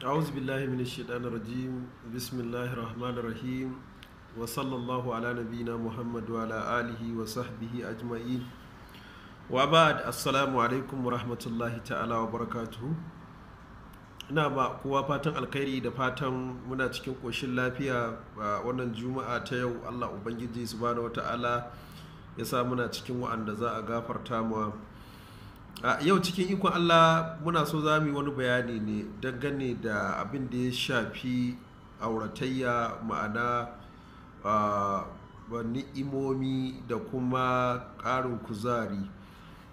أعوذ بالله من الشيطان الرجيم بسم الله الرحمن الرحيم وصلى الله على نبينا محمد وعلى آله وصحبه أجمعين وبعد السلام عليكم ورحمة الله تعالى وبركاته ina ba kowa fatan alkhairi da fatan muna cikin ƙoshin lafiya a wannan juma'a ta yau allah ubangiji subhanahu wata'ala ya sa muna cikin wa'anda za a gafarta mu a yau cikin ikon allah muna so za mu wani bayani ne dangane da abin da ya shafi auratayya ma'ana ni'imomi da kuma ƙarin kuzari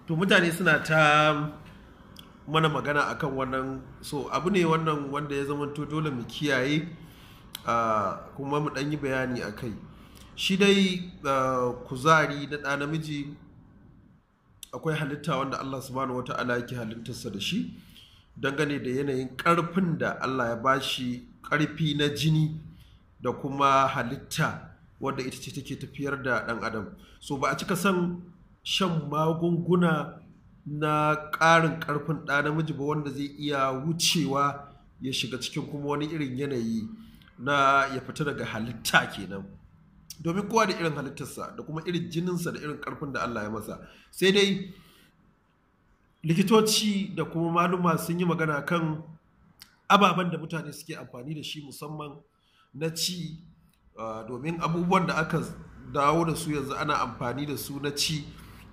to mutane suna ta mana magana akan wannan so abu ne wannan wanda ya zama dole mu kiyaye kuma mu ɗan bayani a kai shi dai kuzari na ɗa namiji akwai halitta wanda Allah subhanahu Ala yake halittarsa da shi dangane da yanayin ƙarfin da Allah ya ba shi ƙarfi na jini da kuma halitta wanda ita ce take tafiyar da ɗan adam so ba a cika son shan magunguna na ƙarin ƙarfin ɗa namiji ba wanda zai iya wucewa ya shiga cikin kuma wani irin yanayi na ya fita daga halitta kenan domin kowa da irin halittarsa da kuma irin jininsa da irin karfin da Allah ya masa sai dai likitoci da kuma maluma sun yi magana kan ababen da mutane suke amfani da shi musamman na ci domin abubuwan da aka dawo da su yanzu ana amfani da su na ci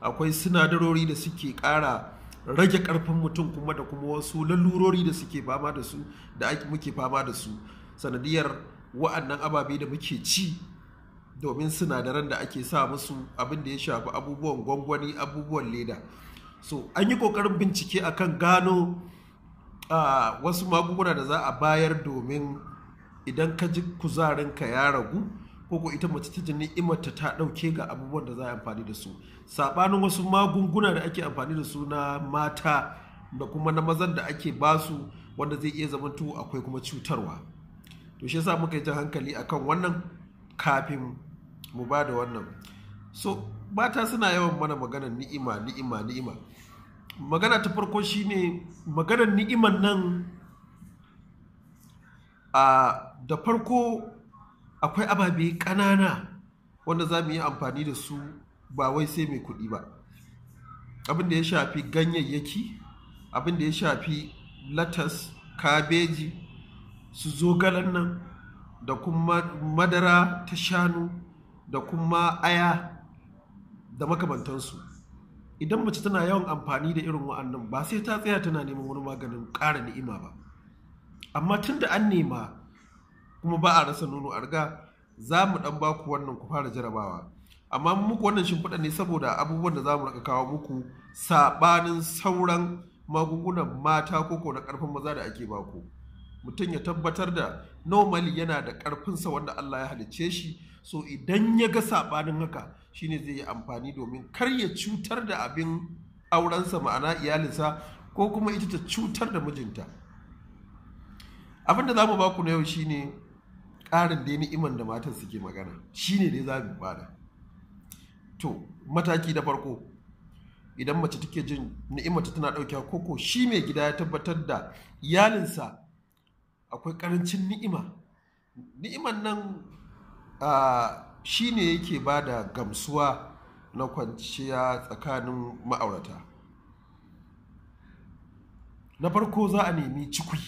akwai sinadarori da suke kara rage karfin mutum kuma da kuma wasu lalurori da suke fama da su da muke fama da su sanadiyar wa'annan ababe da muke ci domin sinadaran da ake sa musu abin da ya shafi abubuwan gwangwani abubuwan leda so an yi kokarin bincike akan gano uh, wasu magunguna da za a bayar domin idan ka ji kuzarinka ya ragu ko ita mace ta jini imarta ta ɗauke ga abubuwan da za a amfani da su saɓanin wasu magunguna da ake amfani da su na mata da kuma na mazan da ake basu wanda zai iya zamantu akwai kuma cutarwa to shi yasa muka yi jan hankali akan wannan kafin mu ba da wannan so mata suna yawan mana maganar ni'ima ni'ima ni'ima magana ta farko shine maganar ni'iman nan a da farko akwai ababe ƙanana wanda za mu yi amfani da su ba wai sai mai kuɗi ba abin da ya shafi ganyayyaki abin da ya shafi latas kabeji su zogalen nan da kuma madara ta shanu da kuma aya da makamantansu idan mace tana yawan amfani da irin wa'annan ba sai ta tsaya tana neman wani maganin ƙara ni'ima ba amma tun da an nema kuma ba a rasa nono a riga za mu ɗan baku wannan ku fara jarabawa amma muku wannan shimfiɗa ne saboda abubuwan da za mu raka kawo muku saɓanin sauran magungunan mata koko na ƙarfin maza da ake baku. mutum ya tabbatar da normally yana da ƙarfinsa wanda Allah ya halicce shi so idan ya ga saɓanin haka shine zai yi amfani domin kar ya cutar da abin aurensa ma'ana iyalinsa ko kuma ita ta cutar da mijinta abin da za mu baku na yau shine ƙarin da ni'iman da matan suke magana shine dai za mu bada to mataki da farko idan mace take jin ni'imata tana ɗaukewa koko shi mai gida ya tabbatar da iyalinsa akwai karancin ni'ima ni'iman nan shi ne yake ba da gamsuwa na kwanciya tsakanin ma'aurata na farko za a nemi cikui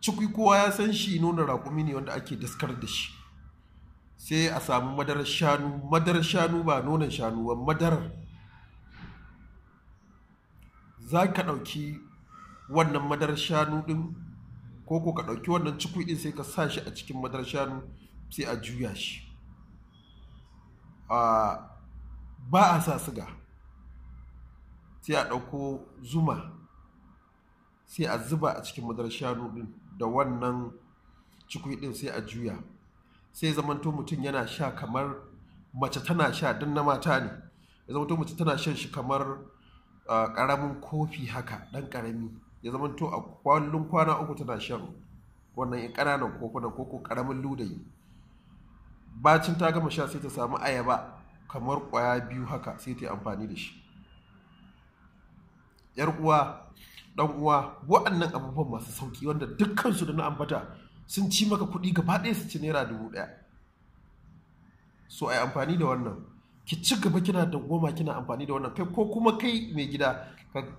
cikui kowa ya san shi nuna raƙumi ne wanda ake daskar da shi sai a samu madarar shanu madarar shanu ba nuna shanu ba madarar za ka ɗauki wannan madarar shanu ɗin Koko ka ɗauki wannan cikui ɗin sai ka sa shi a cikin madarar sai a juya shi ba a sa siga sai a ɗauko zuma sai a zuba a cikin madarar shanu ɗin da wannan cikui ɗin sai a juya sai zamanto mutum yana sha kamar mace tana sha don na mata ne ya to mace tana shan shi kamar ƙaramin kofi haka ɗan ƙarami ya zama to a kwallon kwana uku tana shan wannan ƙananan koko ko ko ƙaramin ludayi bacin ta gama sha sai ta samu ayaba kamar ƙwaya biyu haka sai ta yi amfani da shi yar uwa dan uwa waɗannan abubuwan masu sauki wanda dukkansu da na ambata sun ci maka kuɗi gaba ɗaya su ci naira dubu ɗaya so a yi amfani da wannan ki ci gaba kina da goma kina amfani da wannan kai ko kuma kai mai gida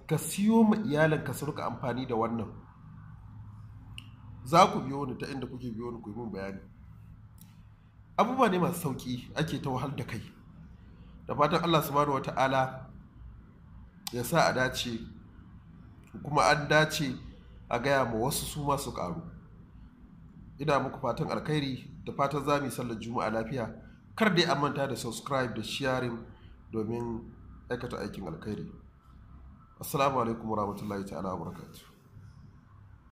ka siyo ma iyalanka su amfani da wannan za ku biyo ni ta inda kuke biyo ni ku yi min bayani abubuwa ne masu sauki ake ta wahal da kai da fatan allah subhanahu wata'ala ya sa a dace kuma an dace a gaya ma wasu su masu karu ina muku fatan alkhairi da fatan za mu sallar juma'a lafiya kar dai a manta da subscribe da sharing domin aikata aikin alkhairi assalamu alaikum warahmatullahi ta'ala barakatu